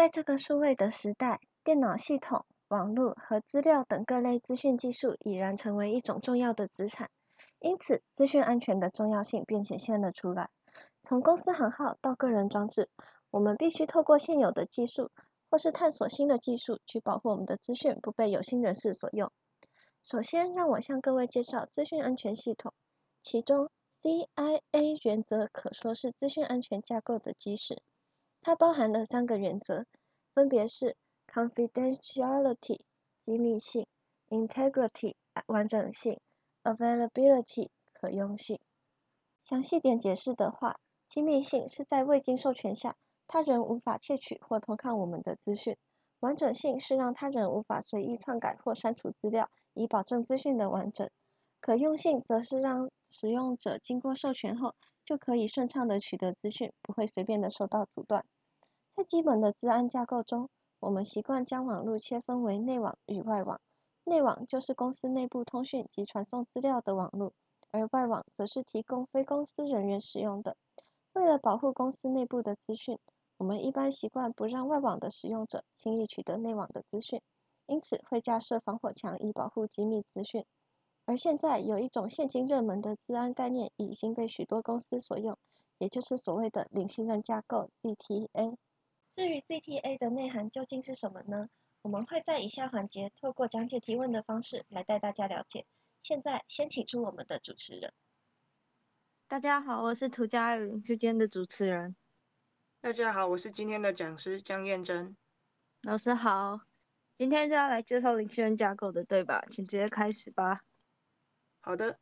在這個數位的時代，電腦系統、網絡和資料等各類資訊技術已然成為一種重要的資產，因此資訊安全的重要性便顯現了出來。從公司行號到個人裝置，我們必須透過現有的技術，或是探索新的技術，去保護我們的資訊不被有心人士所用。首先，讓我向各位介紹資訊安全系統，其中 CIA 原則可說是資訊安全架構的基石。它包含了三個原則，分別是：confidentiality（ 機密性）、integrity（ 完整性）、availability（ 可用性）。詳細點解釋的話，機密性是在未經授權下，他人無法竊取或偷看我們的資訊；完整性是讓他人無法隨意篡改或刪除資料，以保證資訊的完整；可用性則是讓使用者經過授權後，就可以順暢地取得資訊，不會隨便地受到阻斷。在基本的資安架構中，我們習慣將網絡切分為內網與外網。內網就是公司內部通訊及傳送資料的網絡，而外網則是提供非公司人員使用的。為了保護公司內部的資訊，我們一般習慣不讓外網的使用者輕易取得內網的資訊，因此會架設防火牆以保護機密資訊。而現在有一種現今熱門的治安資概念，已經被許多公司所用，也就是所謂的零信任架構 （ZTA）。ZTA、至於 ZTA 的內涵究竟是什麼呢？我們會在以下環節透過講解提問的方式來帶大家了解。現在先請出我們的主持人。大家好，我是塗嘉云之間的主持人。大家好，我是今天的講師江彥蓁。老師好，今天是要來介紹零信任架構的，對吧？請直接開始吧。好的，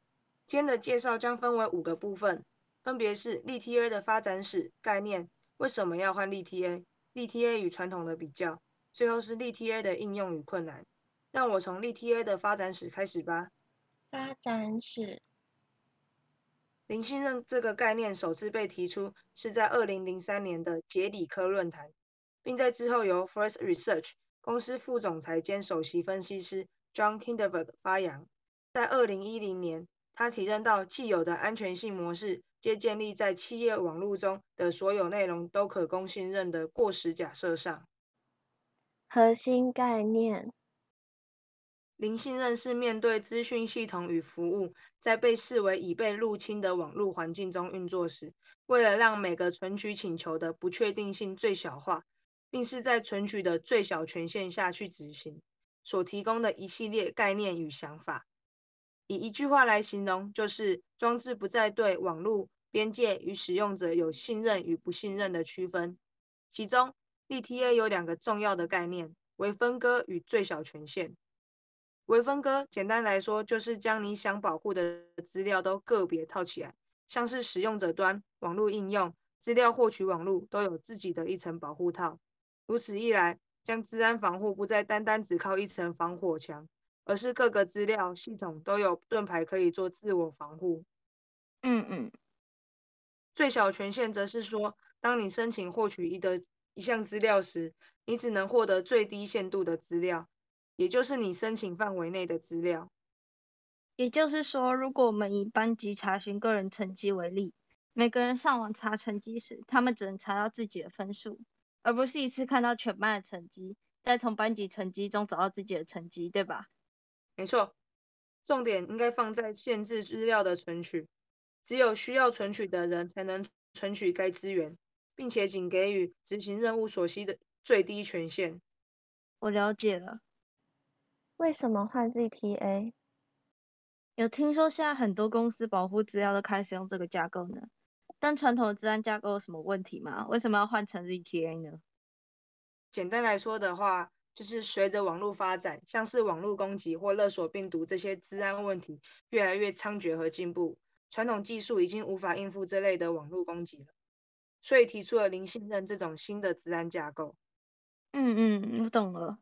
今天的介紹將分為五個部分，分別是 ZTA 的發展史、概念、為什麼要換 ZTA、ZTA 與傳統的比較，最後是 ZTA 的應用與困難。讓我從 ZTA 的發展史開始吧。發展史，零信任這個概念首次被提出是在二零零三年的傑裡科論壇，並在之後由 Forrester Research 公司副總裁兼首席分析師 John Kindervag 发揚。在二零一零年，他提認到既有的安全性模式，皆建立在企業網絡中的所有內容都可供信任的過時假設上。核心概念：零信任是面對資訊系統與服務，在被視為已被入侵的網絡環境中運作時，為了讓每個存取請求的不確定性最小化，並是在存取的最小權限下去執行，所提供的一系列概念與想法。以一句話來形容，就是裝置不再對網絡邊界與使用者有信任與不信任的區分。其中，ZTA 有兩個重要的概念：微分割與最小權限。微分割簡單來說，就是將你想保護的資料都個別套起來，像是使用者端、網絡應用、資料獲取網絡都有自己的一層保護套。如此一來，將資安防護不再單單只靠一層防火牆。而是各個資料系統都有盾牌可以做自我防護。嗯嗯，嗯最小權限則是說，當你申請獲取一的一項資料時，你只能獲得最低限度的資料，也就是你申請範圍內的資料。也就是說，如果我們以班級查詢個人成績為例，每個人上網查成績時，他們只能查到自己的分數，而不是一次看到全班的成績，再從班級成績中找到自己的成績，對吧？沒錯，重點應該放在限制資料的存取，只有需要存取的人才能存取該資源，並且僅給予執行任務所需的最低權限。我了解了。為什麼換 ZTA？有聽說現在很多公司保護資料都開始用這個架構呢？但傳統的資安架構有什麼問題嗎？為什麼要換成 ZTA 呢？簡單來說的話。就是隨着網絡發展，像是網絡攻擊或勒索病毒這些資安問題越來越猖獗和進步，傳統技術已經無法應付這類的網絡攻擊了，所以提出了零信任這種新的資安架構。嗯嗯，我懂了。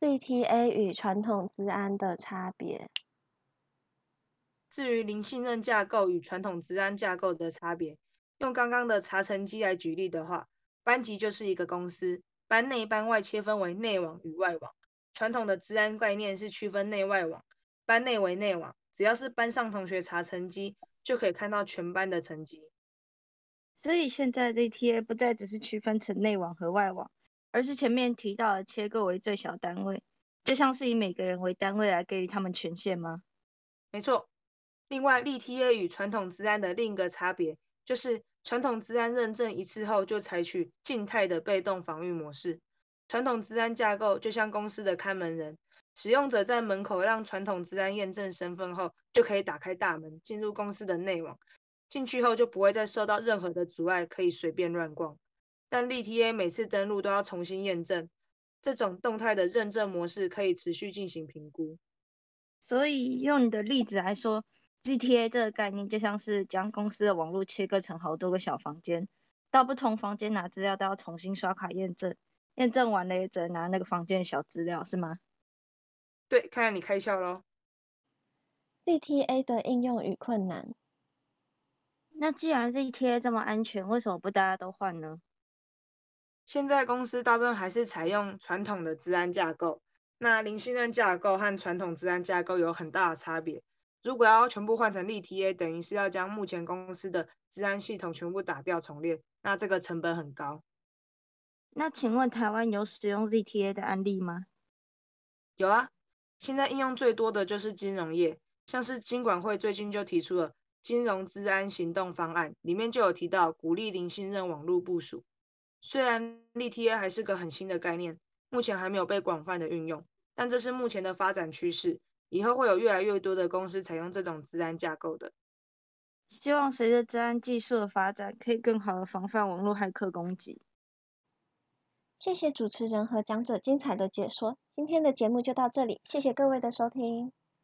ZTA 與傳統資安的差別。至於零信任架構與傳統資安架構的差別，用剛剛的查成績來舉例的話，班級就是一個公司。班內班外切分為內網與外網，傳統的治安概念是區分內外網，班內為內網，只要是班上同學查成績就可以看到全班的成績。所以現在的 T A 不再只是區分成內網和外網，而是前面提到的切割為最小單位，就像是以每個人為單位來給予他們權限嗎？沒錯。另外，立 T A 與傳統資安的另一個差別就是。傳統資安認證一次後就採取靜態的被動防禦模式。傳統資安架構就像公司的看門人，使用者在門口讓傳統資安驗證身份後，就可以打開大門進入公司的內網。進去後就不會再受到任何的阻礙，可以隨便亂逛。但 ZTA 每次登錄都要重新驗證，這種動態的認證模式可以持續進行評估。所以用你的例子來說。ZTA 這個概念就像是將公司的網絡切割成好多個小房間，到不同房間拿資料都要重新刷卡驗證，驗證完了也只能拿那個房間的小資料，是嗎？對，看來你開竅嘍。ZTA 的應用與困難。那既然 ZTA 這麼安全，為什麼不大家都換呢？現在公司大部分還是採用傳統的資安架構，那零信任架構和傳統資安架構有很大的差別。如果要全部換成 ZTA，等於是要將目前公司的資安系統全部打掉重練，那這個成本很高。那請問台灣有使用 ZTA 的案例嗎？有啊，現在應用最多的就是金融業，像是金管會最近就提出了金融資安行動方案，裡面就有提到鼓勵零信任網路部署。雖然 ZTA 還是個很新的概念，目前還沒有被廣泛的運用，但這是目前的發展趨勢。以後會有越來越多的公司採用這種資安架構的。希望隨着資安技術的發展，可以更好的防範網絡黑客攻擊。謝謝主持人和講者精彩的解說，今天的節目就到這裡，謝謝各位的收聽。